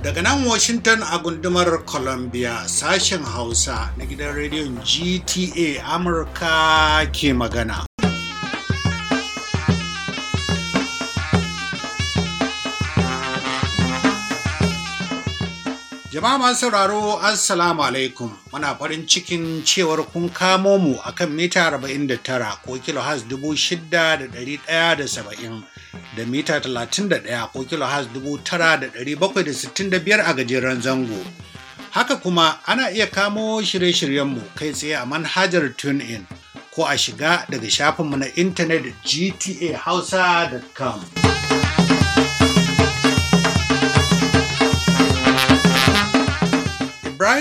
Daga nan Washington a gundumar Columbia sashen Hausa na gidan rediyon GTA Amurka ke magana. Jama'a masu sauraro Assalamu alaikum muna farin cikin cewar kun kamo mu akan mita 49 ko kilohaz 6,170 da mita 31 ko kilohaz 9,765 a gajeren zango. Haka kuma ana iya kamo shirye-shiryenmu kai tsaye a manhajar TuneIn ko a shiga daga shafinmu na intanet gtahausa.com.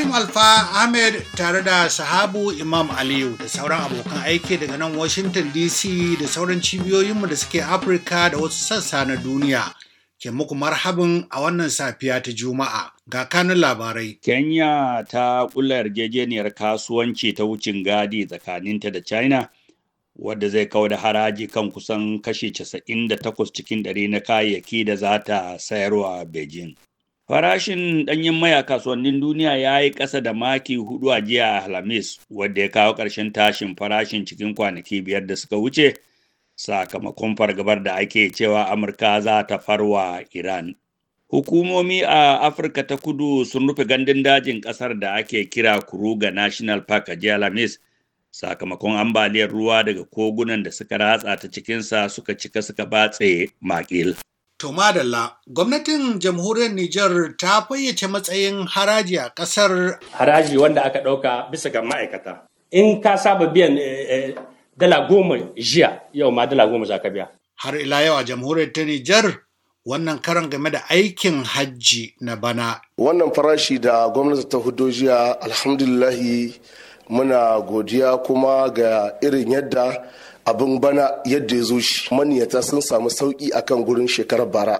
Ibrahim Alfa Ahmed tare da sahabu Imam Aliyu da sauran abokan aiki daga nan Washington DC da sauran cibiyoyinmu da suke Afirka da wasu sassa na duniya. Ke muku marhabin a wannan safiya ta Juma'a ga kanun labarai. Kenya ta kula yarjejeniyar kasuwanci ta wucin gadi tsakaninta da China wadda zai kawo da haraji kan kusan kashi 98 cikin ɗari na kayayyaki da za ta sayarwa Beijing. Farashin ɗanyen maya kasuwannin duniya ya yi ƙasa da maki hudu a jiya a Alhamis, wadda ya kawo ƙarshen tashin farashin cikin kwanaki biyar da suka wuce, sakamakon fargabar da ake cewa Amurka za ta farwa Iran. Hukumomi a Afirka ta kudu sun rufe gandun dajin ƙasar da ake kira Kuruga National Park a jiya Alhamis, sakamakon ambaliyar ruwa daga kogunan da suka ratsa ta cikinsa suka cika suka batse makil. To madalla, gwamnatin jamhuriyar Nijar ta fayyace matsayin haraji a ƙasar. Haraji wanda aka ɗauka bisa ga ma'aikata. In ka saba biyan eh, eh, dala goma jiya, yau ma dala goma za ka biya. Har ila yau a jamhuriyar ta Nijar, wannan karan game da aikin hajji na bana. Wannan farashi da gwamnati ta hudo jiya, alhamdulillahi muna godiya kuma ga irin yadda abin bana yadda ya zo shi maniyata sun samu sauƙi kan gurin shekarar bara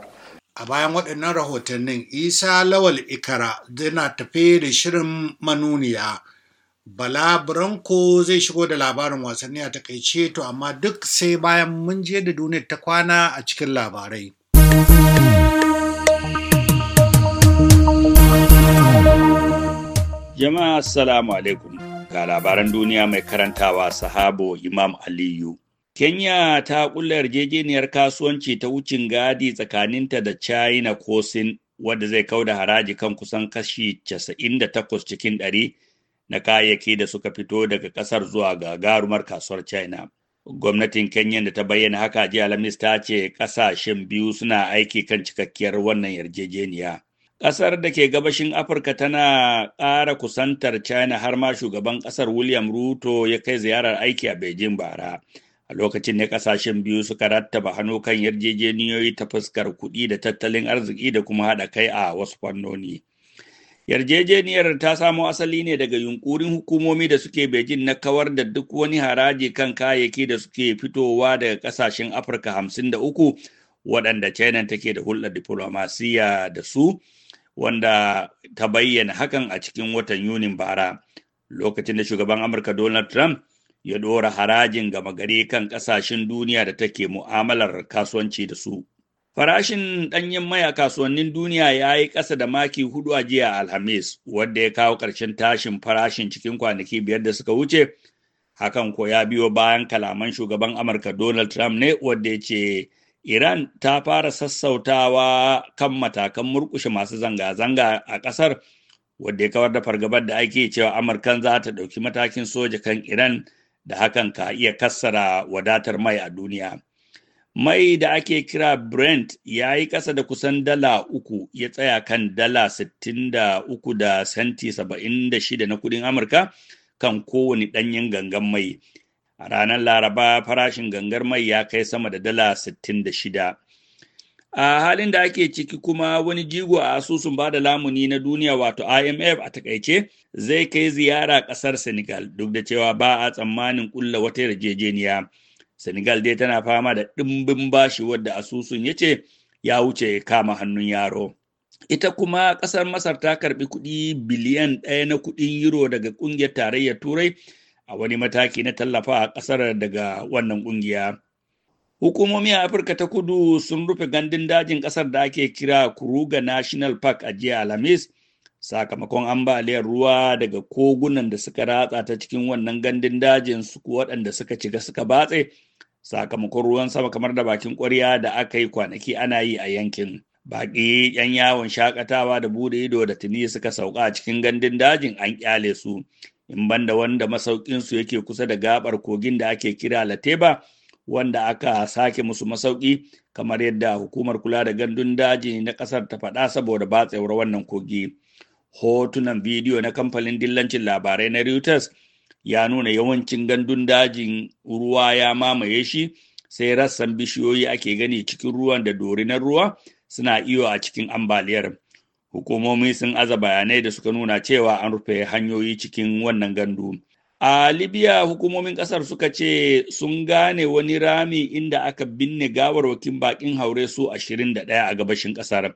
a bayan waɗannan rahotannin isa lawal ikara zina tafe da shirin manuniya bala branko zai shigo da labarin wasanni a takaice to amma duk sai bayan mun je da duniyar ta kwana a cikin labarai jama'a assalamu alaikum Ga labaran duniya mai karantawa sahabo Imam Aliyu. Kenya ta ƙulla yarjejeniyar kasuwanci ta wucin gadi tsakaninta da China ko Sin wadda zai kauda haraji kan kusan kashi casa'in da 98 cikin ɗari na kayayyaki da suka fito daga ƙasar zuwa gagarumar kasuwar China. Gwamnatin Kenya da ta bayyana haka jiya Lamis, ta ce ƙasashen biyu suna aiki kan cikakkiyar wannan yarjejeniya. Ƙasar da ke gabashin Afirka tana ƙara kusantar China har ma shugaban ƙasar William Ruto ya kai ziyarar aiki a Beijing bara. A lokacin ne ƙasashen biyu suka rattaba hannu kan yarjejeniyoyi ta fuskar kuɗi da tattalin arziki da kuma haɗa kai a wasu fannoni. Yarjejeniyar ta samo asali ne daga yunkurin hukumomi da suke Beijing na kawar da duk wani haraji kan kayayyaki da suke fitowa daga ƙasashen Afirka hamsin da uku waɗanda China take da hulɗar diflomasiyya da su. wanda ta bayyana hakan a cikin watan Yunin bara. Lokacin da shugaban Amurka Donald Trump ya ɗora harajin gama gari kan ƙasashen duniya da take mu'amalar kasuwanci da su. Farashin ɗanyen maya kasuwannin duniya ya yi ƙasa da maki hudu a jiya Alhamis, wadda ya kawo ƙarshen tashin farashin cikin kwanaki biyar da suka wuce. Hakan ko ya biyo bayan kalaman shugaban Amurka Donald Trump ne wadda ya ce Iran ta fara sassautawa kan matakan murkushe masu zanga-zanga a ƙasar wadda ya kawar da fargabar da ake cewa Amurkan za ta ɗauki matakin soja kan Iran da hakan ka iya kassara wadatar mai a duniya. Mai da ake kira Brent ya yi ƙasa da kusan dala uku ya tsaya kan dala sittin da senti saba'in shida na kuɗin Amurka kan kowane ɗanyen gangan mai. A ranar Laraba farashin gangar mai ya kai sama da dala 66. A halin da ake ciki kuma wani jigo a asusun ba da lamuni na duniya wato IMF a takaice zai kai ziyara ƙasar Senegal duk da cewa ba a tsammanin ƙulla wata yarjejeniya. Senegal dai tana fama da ɗimbin bashi wadda asusun ya ce ya wuce kama hannun yaro. Ita kuma ƙasar Masar ta karɓi kuɗi biliyan ɗaya na kuɗin euro daga ƙungiyar tarayyar Turai a wani mataki na tallafa a ƙasar daga wannan ƙungiya. Hukumomi a Afirka ta kudu sun rufe gandun dajin ƙasar da ake kira Kuruga National Park a jiya Alhamis sakamakon ambaliyar ruwa daga kogunan da suka ratsa ta cikin wannan gandun dajin su waɗanda suka ciga suka batse sakamakon ruwan sama kamar da bakin ƙwarya da aka yi kwanaki ana yi a yankin. Baƙi 'yan yawon shakatawa da bude ido da tuni suka sauka a cikin gandun dajin an ƙyale su. in banda wanda masaukinsu yake kusa da gabar kogin da ake kira Lateba wanda aka sake musu masauƙi, kamar yadda hukumar kula da gandun daji na ƙasar ta faɗa saboda batsewar wannan kogi. Hotunan bidiyo na kamfanin dillancin labarai na Reuters ya nuna yawancin gandun dajin ruwa ya mamaye shi sai rassan bishiyoyi ake gani cikin ruwan da dorinar ruwa suna iyo a cikin ambaliyar. hukumomi sun aza bayanai da suka nuna cewa an rufe hanyoyi cikin wannan gandu a libya hukumomin kasar suka ce sun gane wani rami inda aka binne gawarwakin bakin haure su ashirin da ɗaya a gabashin kasar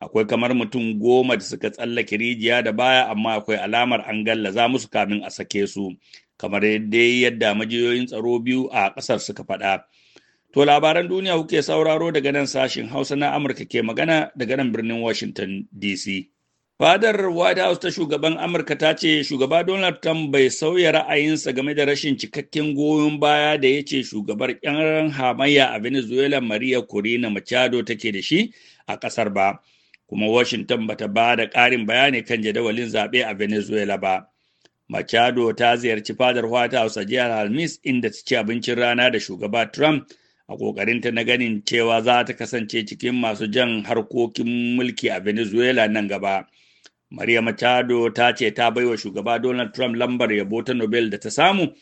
akwai kamar mutum goma da suka tsallake rijiya da baya amma akwai alamar an gallaza musu kamin a sake su kamar dai yadda majiyoyin tsaro biyu a kasar suka faɗa. To labaran duniya kuke sauraro daga nan sashin Hausa na Amurka ke magana daga nan birnin Washington DC. Fadar White House ta shugaban Amurka ta ce shugaba Donald Trump bai sauya ra'ayinsa game da rashin cikakken goyon baya da ya ce shugabar 'yan hamayya a Venezuela Maria Corina Machado take da shi a ƙasar ba, kuma Washington bata ba da ƙarin bayani kan jadawalin zaɓe a Venezuela ba. Machado ta ziyarci fadar White House a jihar Alhamis inda ta ci abincin rana da shugaba Trump a ƙoƙarinta na ganin cewa za ta kasance cikin masu jan harkokin mulki a venezuela nan gaba maria machado ta ce ta baiwa shugaba donald trump lambar yabo ta nobel da ta samu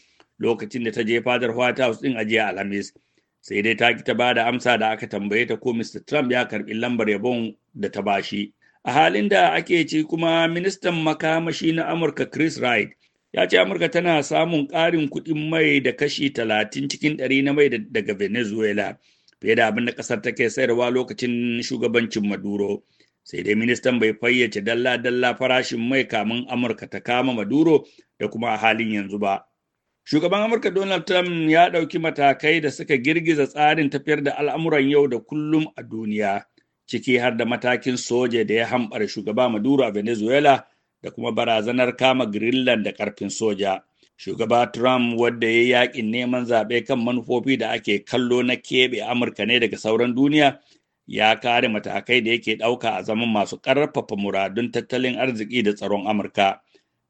lokacin da ta je fadar white house din a jiya alhamis sai dai ta ki ta ba da amsa da aka tambaye ta ko mr trump ya karbi lambar yabon da ta bashi a halin da ake ci kuma ministan makamashi na amurka chris wright ya ce amurka tana samun ƙarin kuɗin mai da kashi talatin cikin ɗari na mai daga venezuela fiye da abin da ƙasar take sayarwa lokacin shugabancin maduro sai dai ministan bai fayyace dalla-dalla farashin mai kamun amurka ta kama maduro da kuma a halin yanzu ba shugaban amurka donald trump ya ɗauki matakai da suka girgiza tsarin tafiyar da al'amuran yau da kullum a duniya ciki har da matakin soja da ya hambar shugaba maduro a venezuela da kuma barazanar kama Greenland da karfin soja. Shugaba Trump wadda ya yi yaƙin neman zaɓe kan manufofi da ake kallo na keɓe Amurka ne daga sauran duniya ya kare matakai da yake ɗauka a zaman masu ƙarfafa muradun tattalin arziki da tsaron Amurka.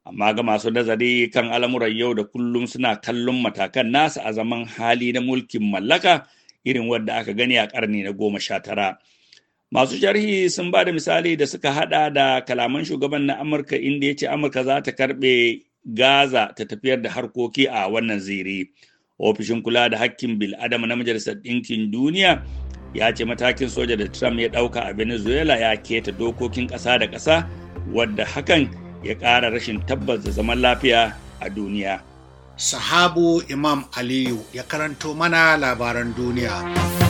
Amma ga masu nazari kan al'amuran yau da kullum suna kallon matakan nasa a zaman hali na mulkin mallaka irin wadda aka gani a ƙarni na goma sha tara. Masu sharhi sun ba da misali da suka hada da kalaman shugaban na Amurka inda ya ce Amurka za ta karbe Gaza ta tafiyar da harkoki a wannan ziri. Ofishin kula da hakkin bil'adama na Majalisar Ɗinkin Duniya ya ce matakin soja da Trump ya ɗauka a Venezuela ya keta dokokin ƙasa da ƙasa wadda hakan ya ƙara rashin tabbas da zaman lafiya a duniya. Sahabu Imam Aliyu ya karanto mana labaran duniya.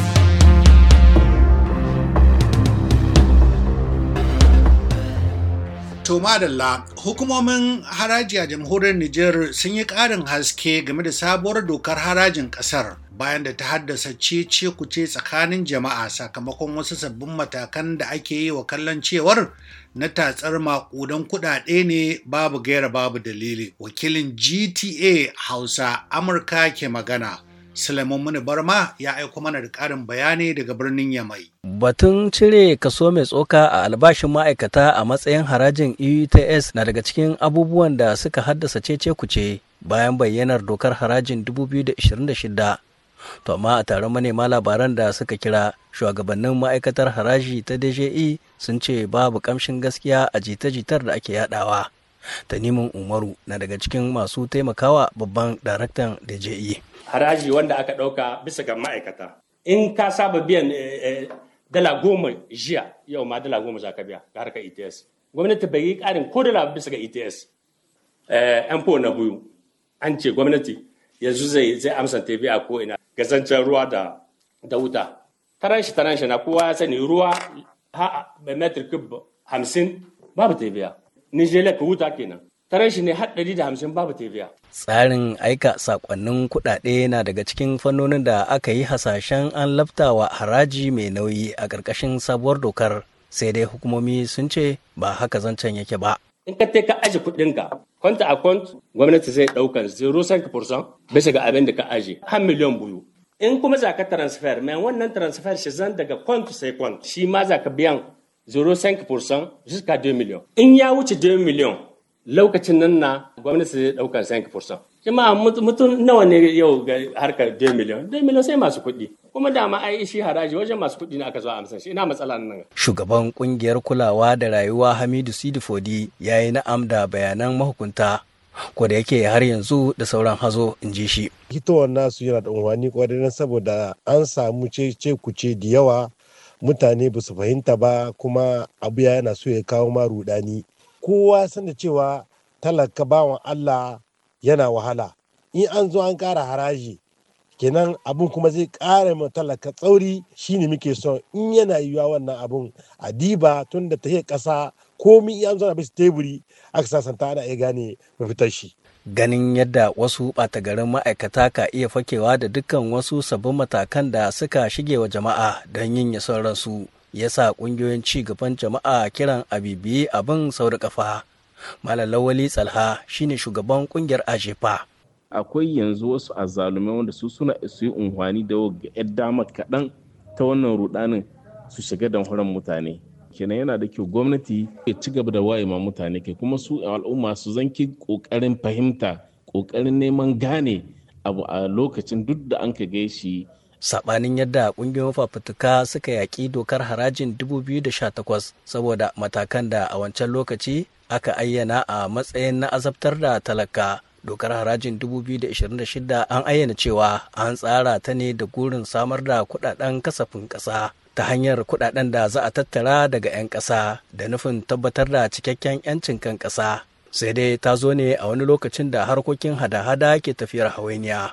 To madalla hukumomin haraji a jamhuriyar Nijar sun yi ƙarin haske game da sabuwar dokar harajin ƙasar bayan da ta haddasa ce cece kuce tsakanin jama'a sakamakon wasu sabbin matakan da ake yi wa kallon cewar na tatsar maƙudan kuɗaɗe ne babu gaira babu dalili. Wakilin GTA Hausa Amurka ke magana. Suleiman Muni Barma ya aiko mana da ƙarin bayani daga birnin Yamai. Batun cire kaso mai tsoka a albashin ma'aikata a matsayin harajin EUTS na daga cikin abubuwan da suka haddasa cece kuce bayan bayyanar dokar harajin 2026. To amma a taron manema labaran da suka kira shugabannin ma'aikatar haraji ta DJE sun ce babu kamshin gaskiya a jita-jitar da ake yadawa. tanimun umaru na daga cikin masu taimakawa babban daraktan da je haraji wanda aka ɗauka bisa ga ma'aikata in ka saba biyan eh, eh, dala goma jiya yau ma dala goma za ka biya ga harkar ets gwamnati bai yi ƙarin ko dala bisa ga ets yan eh, na biyu an ce gwamnati yanzu zai zai amsa biya ko ina gazancen ruwa da da wuta taranshi taranshi na kowa ya sani ruwa ha metric cube hamsin babu biya. Nijelek wuta kenan. tarar shi ne haɗari da hamsin babu tebiya. Tsarin aika sakonnin kuɗaɗe na daga cikin fannonin da aka yi hasashen an laftawa haraji mai nauyi a ƙarƙashin sabuwar dokar sai dai hukumomi sun ce ba haka zancen yake ba. In ka ka aje kuɗinka, kwanta a kwanta gwamnati zai ɗaukan 0.5% bisa ga abin da ka aje har miliyan biyu. In kuma za ka transfer, mai wannan transfer shi zan daga kwanta sai kwanta, shi ma za ka biyan 0.5% jusqu'à 2 millions. In ya wuce 2 million lokacin nan na gwamnati zai ɗaukar 5%. Jama'a mutum nawa ne yau ga harkar 2 million? 2 million sai masu kuɗi. Kuma dama ai shi haraji wajen masu kuɗi na aka zo amsan shi ina matsala nan. Shugaban ƙungiyar kulawa da rayuwa Hamidu Sidi Fodi ya yi na'am da bayanan mahukunta ko da yake har yanzu da sauran hazo in ji shi. Hitowar nasu yana da unwani kwarai saboda an samu ce kuce da yawa mutane ba su fahimta ba kuma abu yana so ya kawo ma rudani kowa san da cewa talaka bawan allah yana wahala in an zo an kara haraji kenan abun kuma zai ƙara ma talaka tsauri shine muke so in yana yiwuwa wannan abun a diba tun da ta ƙasa komi iya an zo na bisa teburi aka sasanta ana iya gane mafitar shi ganin yadda wasu ɓata garin ma'aikata ka iya fakewa da dukkan wasu sabbin matakan da suka shige wa jama'a don yin yasan ransu ya sa ƙungiyoyin ci gaban jama'a kiran abibi abin sau kafa malam lawali tsalha shine shugaban ƙungiyar ajefa akwai yanzu wasu azzalumai wanda su suna su yi unhwani da yar damar kaɗan ta wannan rudanin su shiga da mutane kenan yana da kyau gwamnati ya ci gaba da waye ma mutane kai kuma su al'umma su zanki kokarin fahimta kokarin neman gane abu a lokacin duk da an ka shi sabanin yadda kungiyoyin fafutuka suka yaƙi dokar harajin 2018 saboda matakan da a wancan lokaci aka ayyana a matsayin na azabtar da talaka dokar harajin 2026 an ayyana cewa an tsara ta ne da gurin samar da kudaden kasafin ƙasa ta hanyar kudaden da za a tattara daga 'yan ƙasa da nufin tabbatar da cikakken 'yancin kan ƙasa sai dai ta zo ne a wani lokacin da harkokin hada-hada ke tafiyar hawainiya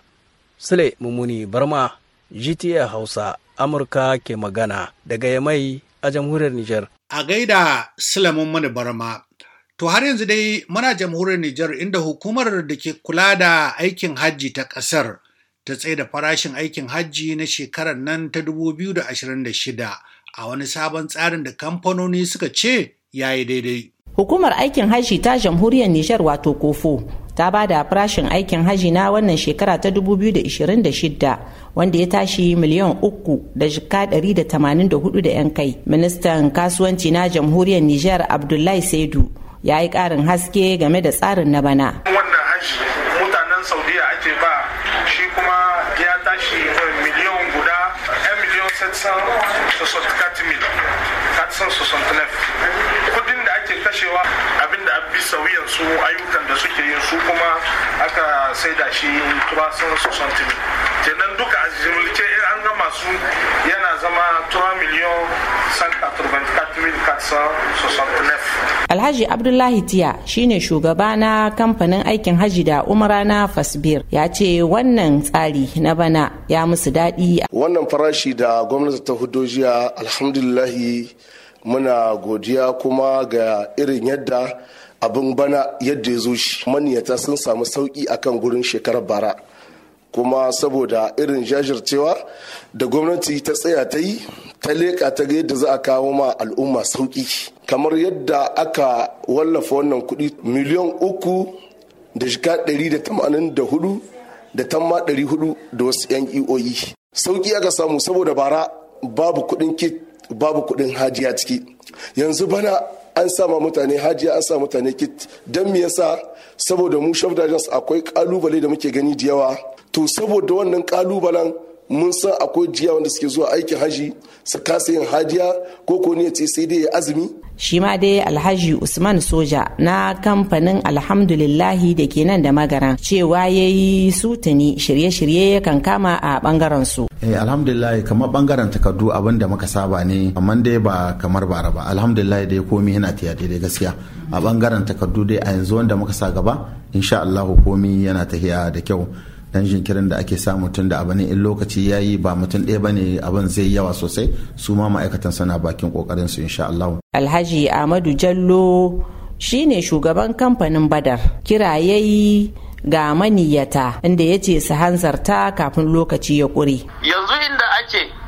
sule mummuni barma gta hausa amurka ke magana daga yamai a jamhuriyar niger a gaida sule mummuni barma To har yanzu dai muna jamhuriyar Nijar inda hukumar da ke kula da aikin hajji ta ƙasar ta tsaida farashin aikin hajji na shekarar nan ta 2026 a wani sabon tsarin da kamfanoni suka ce ya yi daidai. Hukumar aikin hajji ta jamhuriyar Nijar wato kofo ta ba da farashin aikin hajji na wannan shekara ta 2026 wanda ya tashi miliyan uku da jika 184 da 'yan kai. Ministan kasuwanci na jamhuriyar Nijar Abdullahi Saidu ya yi ƙarin haske game da tsarin na bana. Wannan hajji sauyin su ayyukan da suke yi su kuma aka saida da shi turasan su santimin kenan duka a jimilce an gama su yana zama 3 miliyan alhaji abdullahi tiya shine shugaba na kamfanin aikin haji da umara na fasbir ya ce wannan tsari na bana ya musu daɗi wannan farashi da gwamnati ta hudu jiya alhamdulillahi muna godiya kuma ga irin yadda abin bana yadda ya zo shi maniyata sun samu sauki akan gurin shekarar bara kuma saboda irin jajircewa da gwamnati ta tsaya ta yi ta leƙa ta ga yadda za a kawo ma al'umma sauƙi kamar yadda aka wallafa wannan kuɗi miliyan uku da shiga ɗari da tamanin da hudu da tamma ɗari hudu da wasu yan iyoyi e e. sauƙi aka samu saboda bara babu kuɗin kit babu kuɗin hajiya ciki yanzu bana an sama mutane hajiya an sa mutane kit don me yasa saboda mu shaf akwai kalubale da muke gani da yawa to saboda wannan kalubalen mun san akwai jiya wanda suke zuwa aikin haji su kasa yin hajiya ko ko ne ce sai dai azumi shi ma dai alhaji usman soja na kamfanin alhamdulillahi da ke nan da magaran cewa ya yi sutuni shirye-shirye kan kama a bangaren su eh alhamdulillah kamar bangaren takardu abin da muka saba ne amma dai ba kamar bara ba alhamdulillah dai komi yana tiya daidai gaskiya a bangaren takardu dai a yanzu wanda muka sa gaba insha Allah komi yana tafiya da kyau dan jinkirin da ake samu tun da abu ne in lokaci ya yi ba mutum ɗaya ba ne abin zai yi yawa sosai su ma ma'aikatan suna bakin kokarin su insha Allah. Alhaji Ahmadu Jallo shi ne shugaban kamfanin Badar kirayayi ga maniyata inda ya ce su hanzarta kafin lokaci ya ƙure. Yanzu inda ake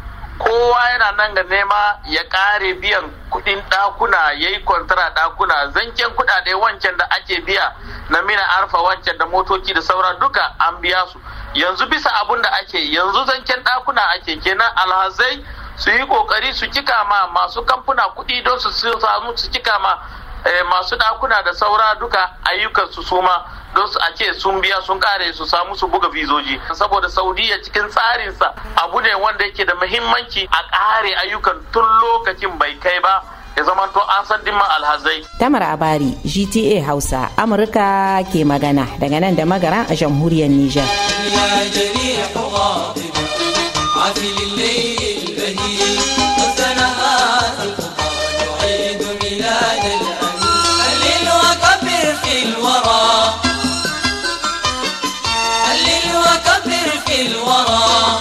kowa yana nan ga nema ya kare biyan kuɗin ɗakuna ya yi kwantara ɗakuna, zanken kudade wancan da ake biya na mina arfa wancan da motoci da saura duka an biya su yanzu bisa abun da ake yanzu zancen dakuna ake kenan alhazai su yi kokari su kika ma masu kamfuna kuɗi don su samu su kika ma Eh, masu dakuna da saura duka ayyukan su suma don su a sun biya sun kare su samu su buga vizoji saboda saudiya cikin tsarinsa abu ne wanda yake da muhimmanci a kare ayyukan tun lokacin bai kai ba ya zama to an san dimma alhazai tamar abari gta hausa amurka ke magana daga nan da magara a jamhuriyar niger الورى قلل وكبر في الورى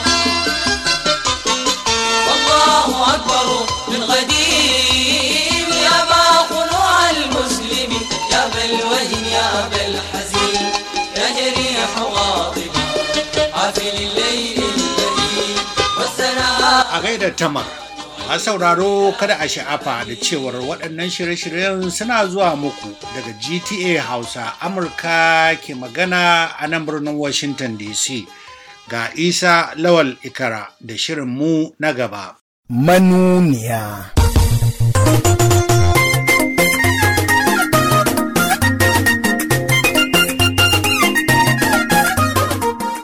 والله أكبر من غدير يا ما خلوع المسلم يا ابا الوهن يا ابا الحزين يا جريح غاضب عافل الليل الليل والسناء غير التمر A sauraro kada a sha'afa da cewar waɗannan shirye-shiryen suna zuwa muku daga GTA Hausa Amurka ke magana a nan birnin Washington DC ga Isa Lawal Ikara da shirin mu na gaba. Manuniya.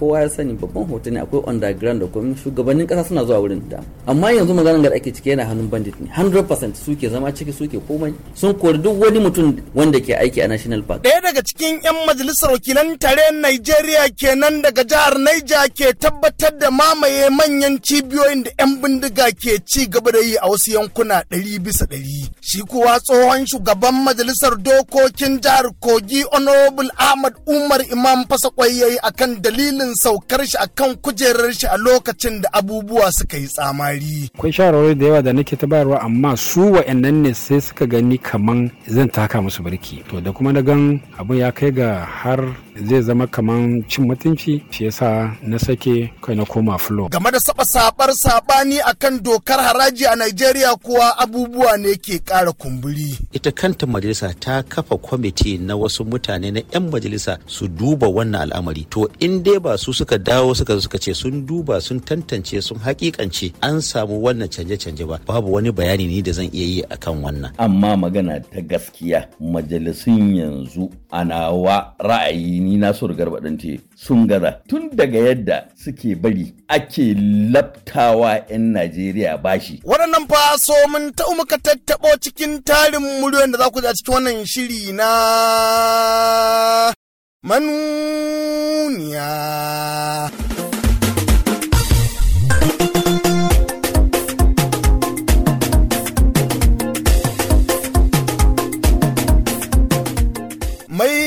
kowa ya sani babban hoto ne akwai underground da kuma shugabannin kasa suna zuwa wurin da amma yanzu maganar da ake ciki yana hannun bandit ne 100% suke zama ciki suke komai sun kori duk wani mutum wanda ke aiki a national park ɗaya daga cikin yan majalisar wakilan tare Nigeria kenan daga jihar Niger ke tabbatar da mamaye manyan cibiyoyin da yan bindiga ke ci gaba da yi a wasu yankuna ɗari bisa ɗari shi kuwa tsohon shugaban majalisar dokokin jihar Kogi Honorable Ahmad Umar Imam Fasakwai yayi akan dalilin saukar shi akan kujerar shi a lokacin da abubuwa suka yi tsamari. Akwai shawarwari da yawa da nake ta bayarwa amma su wa'annan ne sai suka gani kaman zan taka musu birki. To da kuma na gan abin ya kai ga har zai zama kaman cin mutunci shi yasa na sake kai na koma flo. Game da saba sabar sabani akan dokar haraji a Najeriya kuwa abubuwa ne ke kara kumburi. Ita kanta majalisa ta kafa kwamiti na wasu mutane na 'yan majalisa su duba wannan al'amari. To in dai ba su suka dawo suka suka ce sun duba sun tantance sun hakikance an samu wannan canje-canje ba babu wani bayani ne da zan iya yi akan wannan amma magana ta gaskiya majalisun yanzu a nawa ra'ayi ni na so rigar sun gaza tun daga yadda suke bari ake laftawa 'yan najeriya bashi waɗannan fa so mun ta muka tattaɓo cikin tarin muryoyin da za ku ji a cikin wannan shiri na manuniya.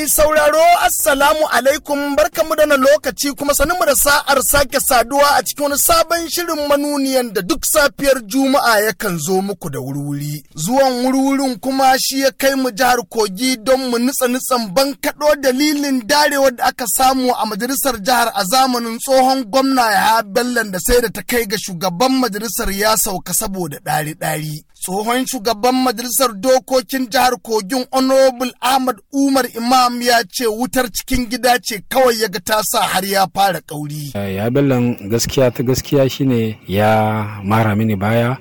sauraro assalamu alaikum barkamu da na lokaci kuma sanin mu da sa'ar sake saduwa a cikin wani sabon shirin manuniyan da duk safiyar juma'a yakan zo muku da wurwuri zuwan wurwurin kuma shi ya kai mu jihar kogi don mu nitsa nitsan bankaɗo dalilin darewar da aka samu a majalisar jihar a zamanin tsohon gwamna ya bellan da sai da ta kai ga shugaban majalisar ya sauka saboda ɗari-ɗari tsohon shugaban majalisar dokokin jihar kogin honorable ahmad umar imam ya ce wutar cikin gida ce kawai ya ga ta sa har ya fara kauri ya bellan gaskiya ta gaskiya shine ya mara mini baya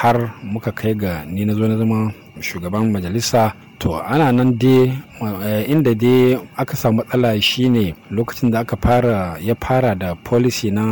har muka kai ga ni na zo na zama shugaban majalisa to ana nan dai eh, inda dai aka samu matsala shine lokacin da aka fara ya fara da policy na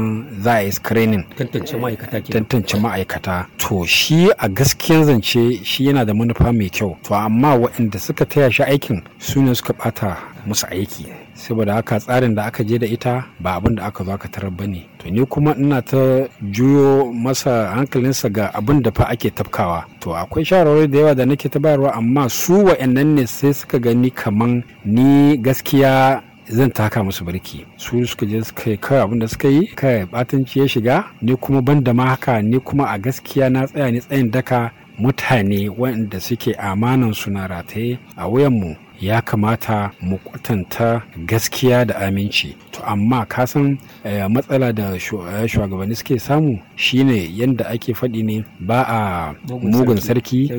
za a yi screening tantance ma'aikata tantance ma'aikata to shi a gaskiyan zance shi yana da manufa mai kyau to amma waɗanda suka taya shi aikin su ne suka bata musu aiki saboda haka tsarin da aka je da ita ba abin da aka zo aka tarar ba ne to ni kuma ina ta juyo masa hankalinsa ga abin da fa ake tafkawa to akwai shawarwari da yawa da nake ta bayarwa amma su wa'annan ne sai suka gani kaman ni gaskiya zan taka musu barki su suka je suka yi kawai abin da suka yi kai batanci ya shiga ni kuma ban da ma haka ni kuma a gaskiya na tsaya ni tsayin daka mutane waɗanda suke amanan su na rataye a wuyanmu ya kamata mu kwatanta gaskiya da aminci to amma ka kasan eh, matsala da eh, shugabanni suke samu shine yadda ake faɗi ne ba a mugun sarki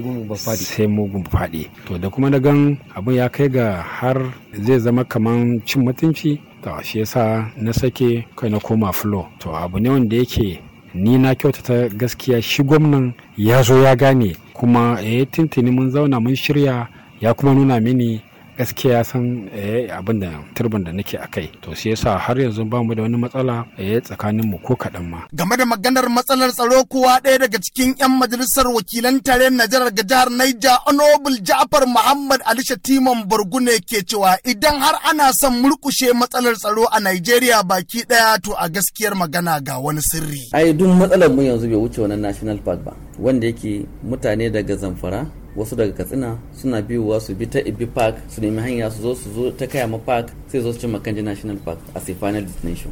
sai mugun faɗi to da kuma na gan abin ya kai ga har zai zama kaman cin mutunci to shi yasa na sake kai na koma Fulo. to abu ne wanda yake ni na kyautata gaskiya shi gwamnan ya zo ya gane kuma ya eh, tuntuni mun zauna mun shirya ya kuma nuna mini gaskiya san eh, abin da turban da nake akai to shi yasa har yanzu ba mu da wani matsala eh, tsakanin mu ko kaɗan ma. Game da maganar matsalar tsaro kuwa ɗaya daga cikin 'yan majalisar wakilan tare na jihar ga jihar Naija onobul Ja'far Muhammad Ali Shatiman burgune ke cewa idan har ana son murkushe matsalar tsaro a nigeria baki ɗaya to a gaskiyar magana ga wani sirri. Ai duk matsalar mu yanzu bai wuce wannan National Park ba wanda yake mutane daga Zamfara wasu daga katsina suna biyowa su bi ta ibi park su nemi hanya su zo su zo ta kayama park sai zo su cin makanji national park as a final destination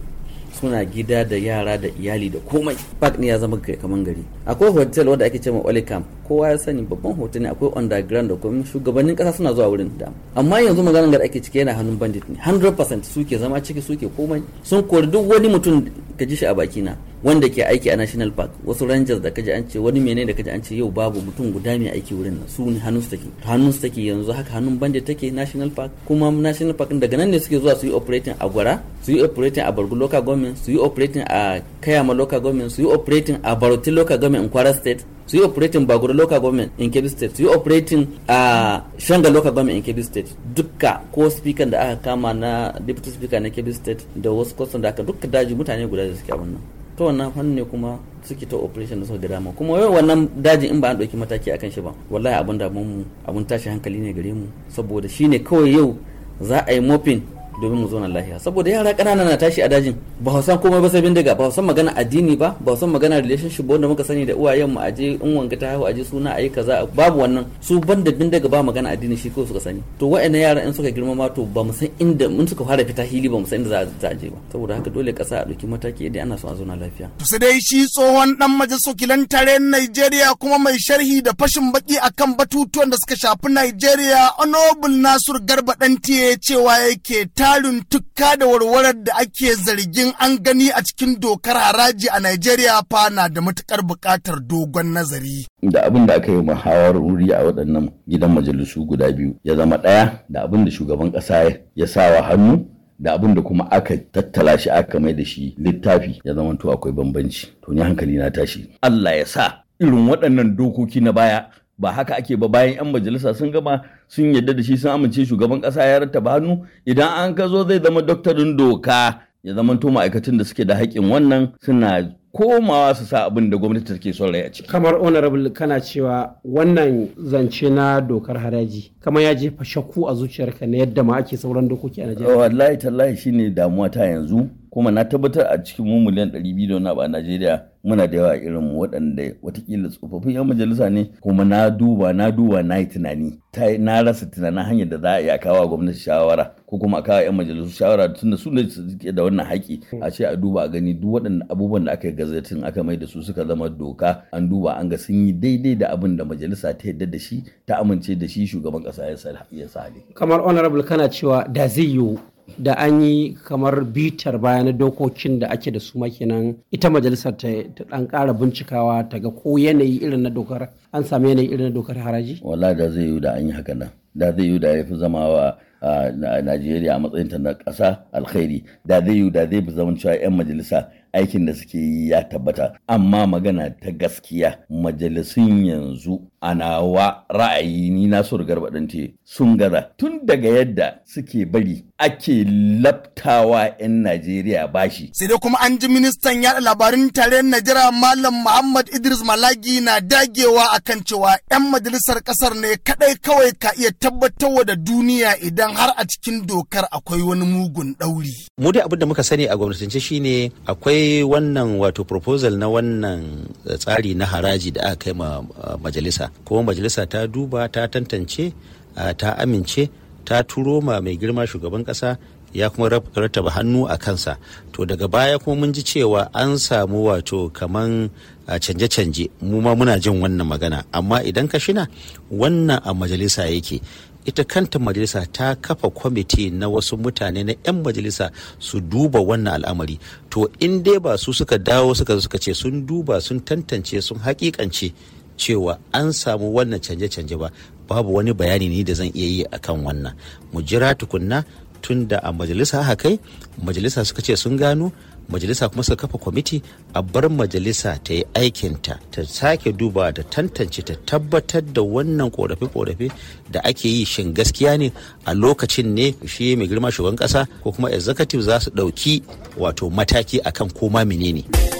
suna gida da yara da iyali da komai park ne ya zama kaman gari akwai hotel wanda ake cewa ole camp kowa ya sani babban hotel ne akwai underground da kuma shugabannin kasa suna zuwa wurin da amma yanzu maganar da ake ciki yana hannun bandit ne 100% suke zama ciki suke komai sun kori duk wani mutum ka ji shi a baki na wanda ke aiki a national park wasu rangers da kaji an ce wani mene da kaji an ce yau babu mutum guda mai aiki wurin nan su ne hannun su take hannun su take yanzu haka hannun bandit take national park kuma national park daga nan ne suke zuwa su yi operating a gwara su yi operating a bargu local government su yi operating a kayama local government su yi operating a barotin local government in kwara state su yi operating bagura local government in kebbi state su yi operating a shanga local government in kebbi state duka ko speaker da aka kama na deputy speaker na kebbi state da wasu kwastan da aka duka daji mutane guda da suke a wannan ta wannan fannin ne kuma suke ta operation da sau da dama kuma yau wannan dajin in ba an ɗauki mataki akan shi ba wallahi abun damun mu abun tashi hankali ne gare mu saboda shine kawai yau za a yi mopping domin mu na lafiya saboda yara ƙanana na tashi a dajin ba san komai ba sai bindiga ba san magana addini ba ba san magana relationship wanda muka sani da uwayen mu aje in wanga ta haihu aje suna ayi kaza babu wannan su banda bindiga ba magana addini shi ko suka sani to wa'annan yara in suka girma ma to ba mu san inda mun suka fara fita hili ba mu san inda za a je ba saboda haka dole ƙasa a ɗauki mataki idan ana so a zauna lafiya to sai dai shi tsohon dan majalisar kilan tare Najeriya kuma mai sharhi da fashin baki akan batutuwan da suka shafi Najeriya Honorable Nasir Garba dan tiye cewa yake ta tarin tukka da warwarar da ake zargin an gani a cikin dokar haraji a Najeriya fa na da matukar buƙatar dogon nazari. Da abin da aka yi muhawar wuri a waɗannan gidan majalisu guda biyu ya zama ɗaya da abin da shugaban ƙasa ya sawa hannu da abin da kuma aka tattala shi aka mai da shi littafi ya zama to akwai bambanci to ni hankali na tashi Allah ya sa irin waɗannan dokoki na baya ba haka ake ba bayan 'yan majalisa sun gama sun yadda da shi sun amince shugaban kasa ya rattaba hannu idan an ka zo zai zama doktorin doka ya zama to ma'aikatan da suke da haƙƙin wannan suna komawa su sa abin da gwamnati take son rai a ciki. Kamar honorable kana cewa wannan zance na dokar haraji kamar ya jefa shakku a zuciyarka na yadda ma ake sauran dokoki a Najeriya. Oh, wallahi tallahi shine damuwa ta yanzu kuma na tabbatar a cikin mu miliyan 200 da a Najeriya muna da yawa irin mu waɗanda watakila tsofaffin 'yan majalisa ne kuma na duba na duba na yi tunani na rasa tunanin hanyar da za a iya kawo gwamnati shawara ko kuma a kawo 'yan majalisu shawara tun da su ne suke da wannan haƙi a ce a duba a gani duk waɗanda abubuwan da aka yi gazetin aka mai da su suka zama doka an duba an ga sun yi daidai da abin da majalisa ta yadda da shi ta amince da shi shugaban ƙasa ya sa kamar honorable kana cewa da zai yiwu da an yi kamar bitar baya na dokokin da ake da su makinan ita majalisar ta dan kara bincikawa ta ga ko yanayi irin na dokar an sami yanayi irin na dokar haraji wala da zai yi da an yi haka nan da zai yi da ya fi zama wa Najeriya a matsayin ta na ƙasa alkhairi da zai yi da zai fi zama cewa 'yan majalisa aikin da suke yi ya tabbata amma magana ta gaskiya majalisun yanzu a nawa ra'ayi ni na so garbaɗin sun gaza tun daga yadda suke bari ake laftawa 'yan Najeriya bashi. Sai dai kuma an ji ministan yaɗa labarin tare Najeriya Malam Muhammad Idris Malagi na dagewa akan cewa 'yan majalisar ƙasar ne kadai kawai ka iya tabbatarwa da duniya idan har a cikin dokar akwai wani mugun ɗauri. Mu dai abin da muka sani a gwamnatance shine akwai wannan wato proposal na wannan tsari na haraji da aka kai ma majalisa. Kuma majalisa ta duba ta tantance ta amince ta turo ma mai girma shugaban kasa ya kuma rattaba hannu a kansa to daga baya kuma mun ji cewa an samu wato kaman canje-canje mu ma muna jin wannan magana amma idan ka shina wannan a majalisa yake ita kanta majalisa ta kafa kwamiti na wasu mutane na 'yan majalisa su duba wannan al'amari to in dai ba su suka dawo suka suka ce sun duba sun tantance sun hakikance cewa an samu wannan canje-canje ba babu wani bayani ne da zan iya yi akan wannan mu jira tukunna tun da a majalisa haka kai majalisa suka ce sun gano majalisa kuma suka kafa kwamiti a bar majalisa ta yi aikinta ta sake duba da tantance ta tabbatar da wannan korafe-korafe da ake yi shin gaskiya ne a lokacin ne shi mai girma shugaban kasa ko kuma executive za su ɗauki wato mataki akan koma menene. ne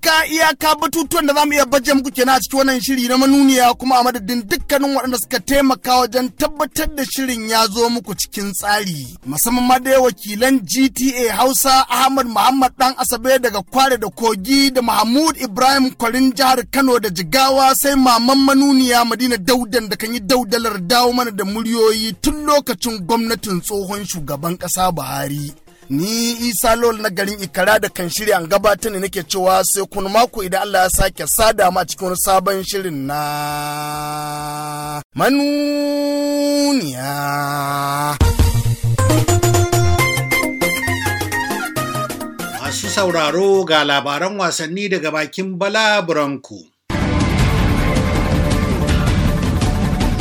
ka iyaka batutuwan da za mu iya baje muku kenan a cikin wannan shiri na manuniya kuma a madadin dukkanin waɗanda suka taimaka wajen tabbatar da shirin ya zo muku cikin tsari musamman ma da wakilan GTA Hausa Ahmad Muhammad dan Asabe daga Kware da Kogi da Mahmud Ibrahim Kwarin jihar Kano da Jigawa sai maman manuniya Madina Daudan da kan yi daudalar dawo mana da muryoyi tun lokacin gwamnatin tsohon shugaban ƙasa Buhari ni isa lol na garin ikara da kan shirya an gabatar ne nake cewa sai kun mako idan allah ya sake sada ma cikin sabon shirin na manuniya masu sauraro ga labaran wasanni daga bakin bala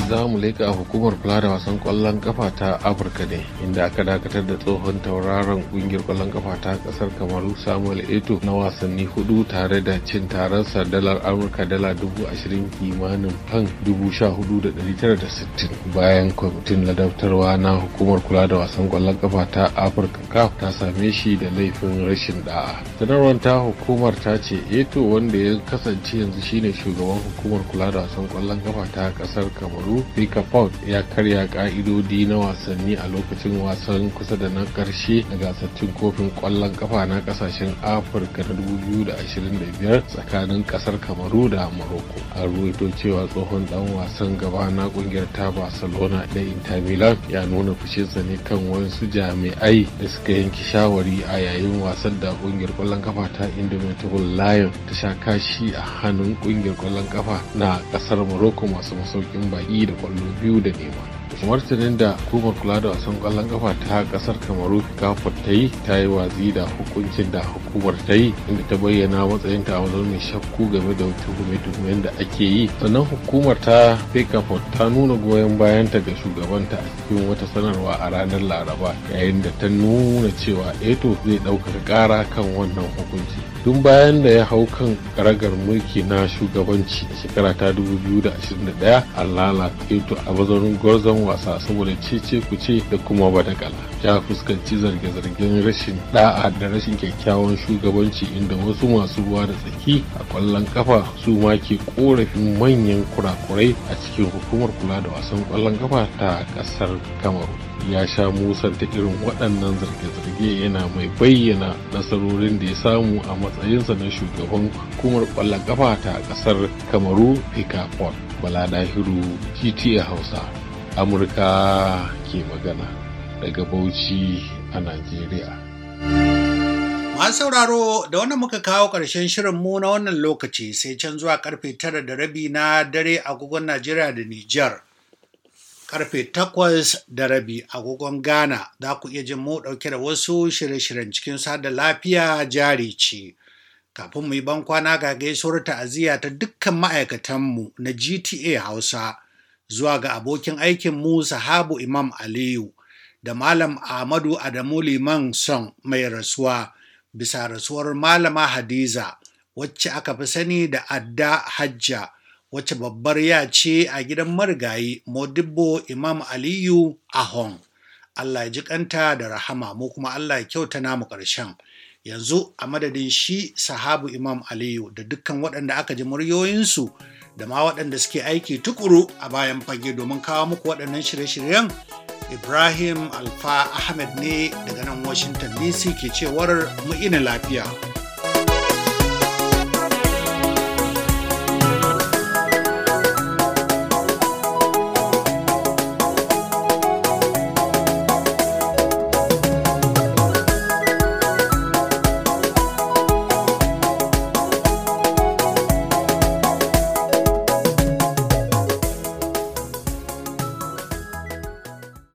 za mu a hukumar kula da wasan kwallon kafa ta Afirka ne inda aka dakatar da tsohon tauraron ƙungiyar kwallon kafa ta ƙasar Kamaru Samuel Eto na wasanni hudu tare da cin tararsa dalar Amurka dala dubu ashirin kimanin fan dubu sha hudu da ɗari tara da sittin bayan kwamitin ladabtarwa na hukumar kula da wasan ƙwallon kafa ta Afirka ka ta same shi da laifin rashin da'a. Sanarwar ta hukumar ta ce Eto wanda ya kasance yanzu shine shugaban hukumar kula da wasan kwallon kafa ta ƙasar Kamaru kamaru ya karya ka'idodi na wasanni a lokacin wasan kusa da na karshe na gasattun kofin kwallon kafa na kasashen Afirka na 2025 tsakanin kasar Kamaru da Morocco. a ruwaito cewa tsohon dan wasan gaba na kungiyar ta Barcelona da Inter Milan ya nuna fushi ne kan wasu jami'ai da suka yanki shawari a yayin wasan da kungiyar kwallon kafa ta Indomitable Lion ta sha kashi a hannun kungiyar kwallon kafa na kasar Morocco masu masaukin baki da kwallo biyu da nema martanin da hukumar kula da wasan kwallon kafa ta kasar kamaru kafa ta yi ta yi watsi da hukuncin da hukumar ta yi inda ta bayyana matsayin ta wajen mai shakku game da tuhume-tuhumen da ake yi sannan hukumar ta kafa ta nuna goyon bayanta ga shugabanta a cikin wata sanarwa a ranar laraba yayin da ta nuna cewa eto eh zai ɗaukaka ƙara kan wannan hukunci tun bayan da ya hau kan ragar mulki na shugabanci a shekara ta 2021 a lalata eto eh a bazarin gwarzon wasa saboda cece ce da kuma badakala ya fuskanci zarge-zargen rashin da'a da rashin kyakkyawan shugabanci inda wasu masu ruwa da tsaki a kwallon kafa su ma ke korafin manyan kurakurai a cikin hukumar kula da wasan kwallon kafa ta kasar kamaru ya sha musar ta irin waɗannan zarge-zarge yana mai bayyana nasarorin da ya samu a matsayinsa na shugaban hukumar kwallon kafa ta kasar kamaru pika bala dahiru gta hausa amurka ke magana daga bauchi a najeriya masu sauraro da wannan muka kawo ƙarshen shirin mu na wannan lokaci sai can zuwa karfe tara da rabi na dare agogon najeriya da nijar karfe takwas da rabi agogon ghana za ku iya jin mu ɗauke da wasu shirye-shiryen cikin sada lafiya jari ce kafin mu yi ban kwana ga gaisuwar ta'aziyya ta dukkan ma'aikatanmu na gta hausa zuwa ga abokin aikin mu sahabu Imam Aliyu da Malam Ahmadu Adamu Liman Son mai rasuwa bisa rasuwar Malama Hadiza wacce aka fi sani da Adda Hajja wacce babbar ya ce a gidan marigayi Modibbo Imam Aliyu Ahon. Allah ya ji kanta da rahama mu kuma Allah ya kyauta namu ƙarshen. yanzu a madadin shi sahabu imam aliyu da dukkan waɗanda aka ji muryoyinsu da ma waɗanda suke aiki tukuru a bayan fage domin kawo muku waɗannan shirye-shiryen ibrahim alfa ahmed ne daga nan washington dc ke cewar mu ina lafiya